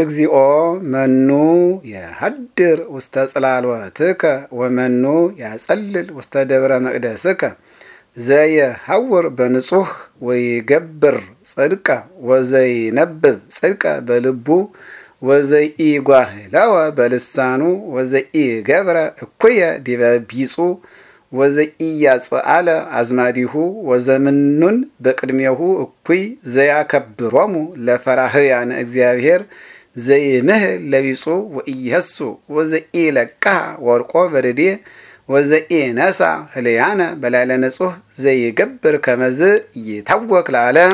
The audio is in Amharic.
እግዚኦ መኑ የሀድር ውስተ ጽላሎትከ ወመኑ ያጸልል ውስተ ደብረ መቅደስከ ዘየሐውር በንጹህ ወይገብር ጽድቀ ወዘይነብብ ጽድቀ በልቡ ወዘኢጓህለወ በልሳኑ ወዘኢገብረ እኩየ ዲበ ቢጹ ወዘኢያጽአለ አዝማዲሁ ወዘምኑን በቅድሜሁ እኩይ ዘያከብሮሙ ለፈራህያነ እግዚአብሔር ዘኢምህል ለቢጹ ወኢየሱ ወዘኢለቅሕ ወርቆ በርዴ ነሳ ህልያነ በላዕለ ንጹህ ዘይገብር ከመዝ ይታወክ ላለ